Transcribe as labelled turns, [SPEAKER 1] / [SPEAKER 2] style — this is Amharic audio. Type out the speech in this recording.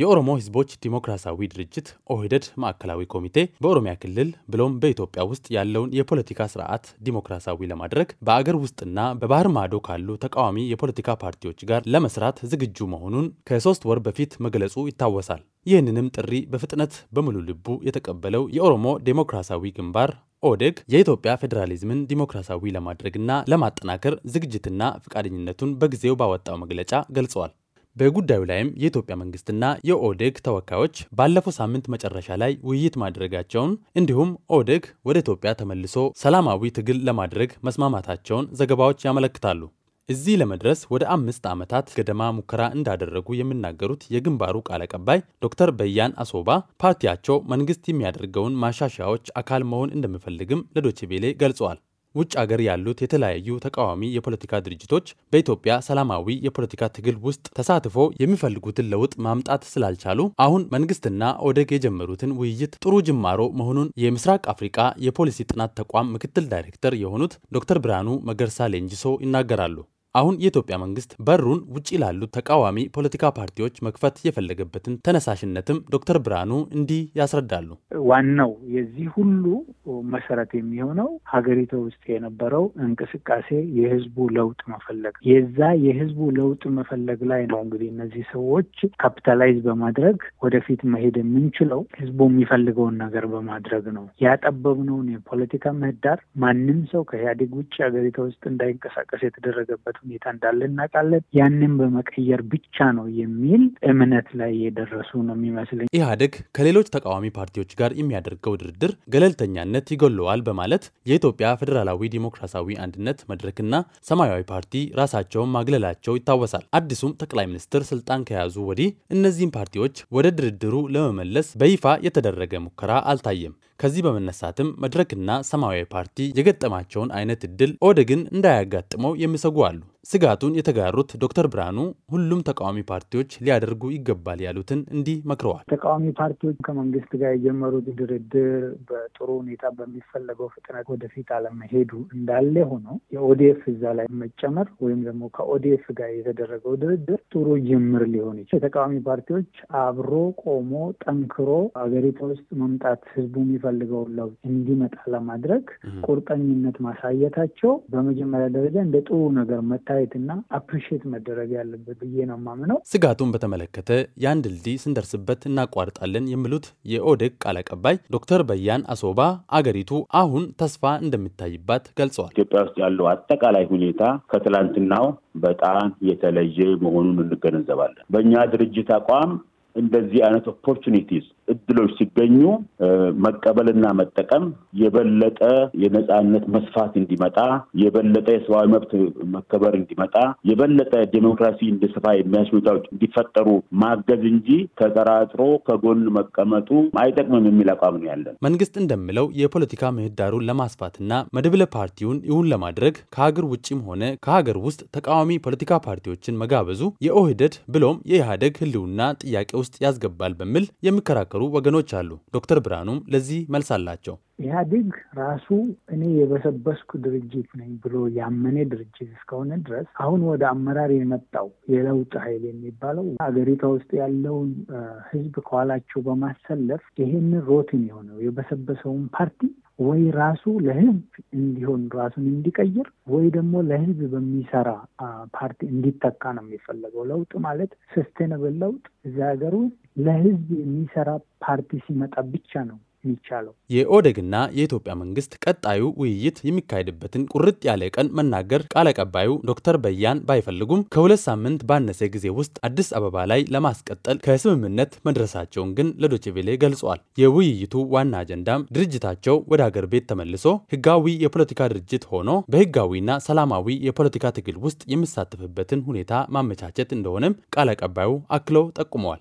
[SPEAKER 1] የኦሮሞ ህዝቦች ዲሞክራሲያዊ ድርጅት ኦህደድ ማዕከላዊ ኮሚቴ በኦሮሚያ ክልል ብሎም በኢትዮጵያ ውስጥ ያለውን የፖለቲካ ስርዓት ዲሞክራሲያዊ ለማድረግ በአገር ውስጥና በባህር ማዶ ካሉ ተቃዋሚ የፖለቲካ ፓርቲዎች ጋር ለመስራት ዝግጁ መሆኑን ከሶስት ወር በፊት መግለጹ ይታወሳል። ይህንንም ጥሪ በፍጥነት በሙሉ ልቡ የተቀበለው የኦሮሞ ዴሞክራሲያዊ ግንባር ኦዴግ የኢትዮጵያ ፌዴራሊዝምን ዲሞክራሲያዊ ለማድረግና ለማጠናከር ዝግጅትና ፈቃደኝነቱን በጊዜው ባወጣው መግለጫ ገልጸዋል። በጉዳዩ ላይም የኢትዮጵያ መንግስትና የኦዴግ ተወካዮች ባለፈው ሳምንት መጨረሻ ላይ ውይይት ማድረጋቸውን እንዲሁም ኦዴግ ወደ ኢትዮጵያ ተመልሶ ሰላማዊ ትግል ለማድረግ መስማማታቸውን ዘገባዎች ያመለክታሉ። እዚህ ለመድረስ ወደ አምስት ዓመታት ገደማ ሙከራ እንዳደረጉ የሚናገሩት የግንባሩ ቃል አቀባይ ዶክተር በያን አሶባ ፓርቲያቸው መንግስት የሚያደርገውን ማሻሻያዎች አካል መሆን እንደሚፈልግም ለዶችቤሌ ገልጸዋል። ውጭ አገር ያሉት የተለያዩ ተቃዋሚ የፖለቲካ ድርጅቶች በኢትዮጵያ ሰላማዊ የፖለቲካ ትግል ውስጥ ተሳትፎ የሚፈልጉትን ለውጥ ማምጣት ስላልቻሉ አሁን መንግስትና ኦደግ የጀመሩትን ውይይት ጥሩ ጅማሮ መሆኑን የምስራቅ አፍሪቃ የፖሊሲ ጥናት ተቋም ምክትል ዳይሬክተር የሆኑት ዶክተር ብርሃኑ መገርሳ ሌንጅሶ ይናገራሉ። አሁን የኢትዮጵያ መንግስት በሩን ውጭ ላሉ ተቃዋሚ ፖለቲካ ፓርቲዎች መክፈት የፈለገበትን ተነሳሽነትም ዶክተር ብርሃኑ እንዲህ ያስረዳሉ።
[SPEAKER 2] ዋናው የዚህ ሁሉ መሰረት የሚሆነው ሀገሪቱ ውስጥ የነበረው እንቅስቃሴ የህዝቡ ለውጥ መፈለግ፣ የዛ የህዝቡ ለውጥ መፈለግ ላይ ነው እንግዲህ እነዚህ ሰዎች ካፒታላይዝ በማድረግ ወደፊት መሄድ የምንችለው ህዝቡ የሚፈልገውን ነገር በማድረግ ነው። ያጠበብነውን የፖለቲካ ምህዳር ማንም ሰው ከኢህአዴግ ውጭ ሀገሪቱ ውስጥ እንዳይንቀሳቀስ የተደረገበት ሁኔታ እንዳለ እናውቃለን። ያንን በመቀየር ብቻ ነው የሚል እምነት ላይ
[SPEAKER 1] የደረሱ ነው የሚመስለኝ። ኢህአዴግ ከሌሎች ተቃዋሚ ፓርቲዎች ጋር የሚያደርገው ድርድር ገለልተኛነት ይጎለዋል በማለት የኢትዮጵያ ፌዴራላዊ ዲሞክራሲያዊ አንድነት መድረክና ሰማያዊ ፓርቲ ራሳቸውን ማግለላቸው ይታወሳል። አዲሱም ጠቅላይ ሚኒስትር ስልጣን ከያዙ ወዲህ እነዚህም ፓርቲዎች ወደ ድርድሩ ለመመለስ በይፋ የተደረገ ሙከራ አልታየም። ከዚህ በመነሳትም መድረክና ሰማያዊ ፓርቲ የገጠማቸውን አይነት እድል ኦደግን እንዳያጋጥመው የሚሰጉ አሉ። ስጋቱን የተጋሩት ዶክተር ብርሃኑ ሁሉም ተቃዋሚ ፓርቲዎች ሊያደርጉ ይገባል ያሉትን እንዲህ መክረዋል።
[SPEAKER 2] ተቃዋሚ ፓርቲዎች ከመንግስት ጋር የጀመሩት ድርድር በጥሩ ሁኔታ በሚፈለገው ፍጥነት ወደፊት አለመሄዱ እንዳለ ሆኖ የኦዲኤፍ እዛ ላይ መጨመር ወይም ደግሞ ከኦዲኤፍ ጋር የተደረገው ድርድር ጥሩ ጅምር ሊሆን ይችላል። የተቃዋሚ ፓርቲዎች አብሮ ቆሞ ጠንክሮ ሀገሪቷ ውስጥ መምጣት ህዝቡ የሚፈልገውን ለውጥ እንዲመጣ ለማድረግ ቁርጠኝነት ማሳየታቸው በመጀመሪያ ደረጃ እንደ ጥሩ ነገር መታ መታየት እና መደረግ ያለበት ብዬ ነው ማምነው።
[SPEAKER 1] ስጋቱን በተመለከተ የአንድ ድልድይ ስንደርስበት እናቋርጣለን የሚሉት የኦዴግ ቃል አቀባይ ዶክተር በያን አሶባ አገሪቱ አሁን ተስፋ እንደሚታይባት ገልጸዋል።
[SPEAKER 3] ኢትዮጵያ ውስጥ ያለው አጠቃላይ ሁኔታ ከትላንትናው በጣም የተለየ መሆኑን እንገነዘባለን። በእኛ ድርጅት አቋም እንደዚህ አይነት ኦፖርቹኒቲስ እድሎች ሲገኙ መቀበልና መጠቀም የበለጠ የነጻነት መስፋት እንዲመጣ የበለጠ የሰብአዊ መብት መከበር እንዲመጣ የበለጠ ዴሞክራሲ እንዲሰፋ የሚያስችሉ ሁኔታዎች እንዲፈጠሩ ማገዝ እንጂ ተጠራጥሮ ከጎን መቀመጡ አይጠቅምም የሚል አቋም ነው ያለን።
[SPEAKER 1] መንግስት እንደሚለው የፖለቲካ ምህዳሩን ለማስፋትና መድብለ ፓርቲውን ይሁን ለማድረግ ከሀገር ውጭም ሆነ ከሀገር ውስጥ ተቃዋሚ ፖለቲካ ፓርቲዎችን መጋበዙ የኦህደድ ብሎም የኢህአደግ ህልውና ጥያቄ ውስጥ ያስገባል በሚል የሚከራከሩ ወገኖች አሉ። ዶክተር ብርሃኑም ለዚህ መልስ አላቸው።
[SPEAKER 2] ኢህአዴግ ራሱ እኔ የበሰበስኩ ድርጅት ነኝ ብሎ ያመነ ድርጅት እስከሆነ ድረስ አሁን ወደ አመራር የመጣው የለውጥ ኃይል የሚባለው አገሪቷ ውስጥ ያለውን ሕዝብ ከኋላቸው በማሰለፍ ይህንን ሮቲን የሆነው የበሰበሰውን ፓርቲ ወይ ራሱ ለህዝብ እንዲሆን ራሱን እንዲቀይር ወይ ደግሞ ለህዝብ በሚሰራ ፓርቲ እንዲተካ ነው የሚፈለገው። ለውጥ ማለት ሰስቴነብል ለውጥ እዚ ሀገሩ ለህዝብ የሚሰራ ፓርቲ ሲመጣ ብቻ ነው የሚቻለው።
[SPEAKER 1] የኦደግና የኢትዮጵያ መንግስት ቀጣዩ ውይይት የሚካሄድበትን ቁርጥ ያለ ቀን መናገር ቃል አቀባዩ ዶክተር በያን ባይፈልጉም ከሁለት ሳምንት ባነሰ ጊዜ ውስጥ አዲስ አበባ ላይ ለማስቀጠል ከስምምነት መድረሳቸውን ግን ለዶችቬሌ ገልጿል። የውይይቱ ዋና አጀንዳም ድርጅታቸው ወደ ሀገር ቤት ተመልሶ ህጋዊ የፖለቲካ ድርጅት ሆኖ በህጋዊና ሰላማዊ የፖለቲካ ትግል ውስጥ የሚሳተፍበትን ሁኔታ ማመቻቸት እንደሆነም ቃል አቀባዩ አክለው ጠቁመዋል።